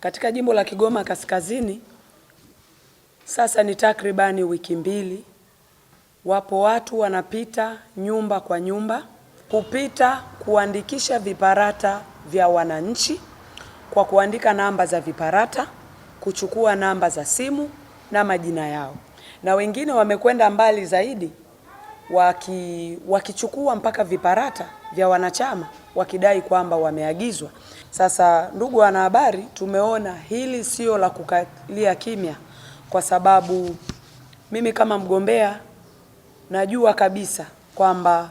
Katika jimbo la Kigoma Kaskazini sasa ni takribani wiki mbili, wapo watu wanapita nyumba kwa nyumba kupita kuandikisha viparata vya wananchi kwa kuandika namba za viparata, kuchukua namba za simu na majina yao, na wengine wamekwenda mbali zaidi waki, wakichukua mpaka viparata vya wanachama wakidai kwamba wameagizwa. Sasa ndugu wanahabari, tumeona hili sio la kukalia kimya, kwa sababu mimi kama mgombea najua kabisa kwamba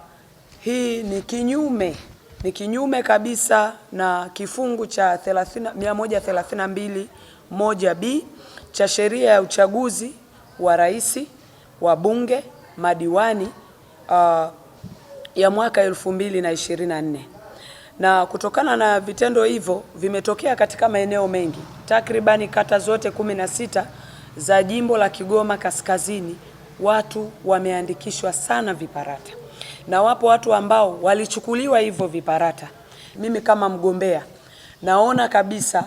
hii ni kinyume ni kinyume kabisa na kifungu cha 132 moja b cha sheria ya uchaguzi wa rais, wa bunge, madiwani uh, ya mwaka elfu mbili na ishirini na nne na kutokana na vitendo hivyo vimetokea katika maeneo mengi takribani kata zote kumi na sita za jimbo la Kigoma Kaskazini. Watu wameandikishwa sana viparata, na wapo watu ambao walichukuliwa hivyo viparata. Mimi kama mgombea naona kabisa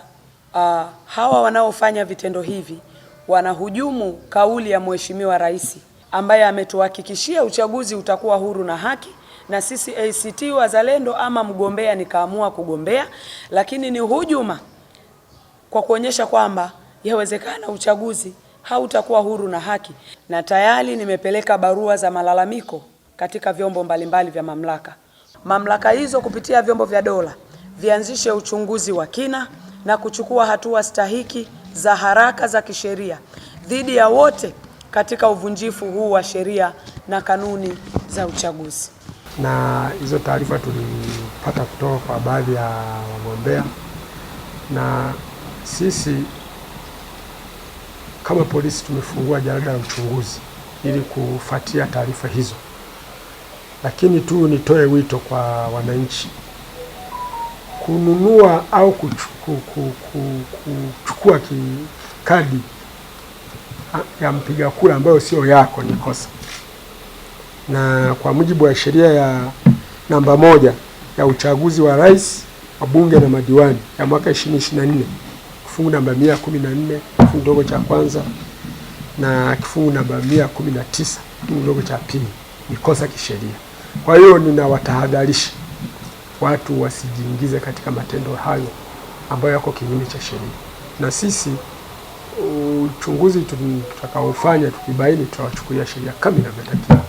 uh, hawa wanaofanya vitendo hivi wanahujumu kauli ya Mheshimiwa Rais ambaye ametuhakikishia uchaguzi utakuwa huru na haki na sisi ACT Wazalendo, ama mgombea nikaamua kugombea, lakini ni hujuma kwa kuonyesha kwamba yawezekana uchaguzi hautakuwa huru na haki, na tayari nimepeleka barua za malalamiko katika vyombo mbalimbali vya mamlaka. Mamlaka hizo kupitia vyombo vya dola vianzishe uchunguzi wa kina na kuchukua hatua stahiki za haraka za kisheria dhidi ya wote katika uvunjifu huu wa sheria na kanuni za uchaguzi. Na hizo taarifa tulipata kutoka kwa baadhi ya wagombea, na sisi kama polisi tumefungua jarada la uchunguzi ili kufuatia taarifa hizo, lakini tu nitoe wito kwa wananchi kununua au kuchukua, kuchukua kadi ya mpiga kura ambayo sio yako ni kosa, na kwa mujibu wa sheria ya namba moja ya uchaguzi wa rais, wabunge na madiwani ya mwaka 2024 kifungu namba 114 kifungu kidogo cha kwanza na kifungu namba 119 kifungu kidogo cha pili ni kosa kisheria. Kwa hiyo ninawatahadharisha watu wasijiingize katika matendo hayo ambayo yako kinyume cha sheria na sisi uchunguzi tutakaofanya tukibaini, tutawachukulia sheria kama inavyotakiwa.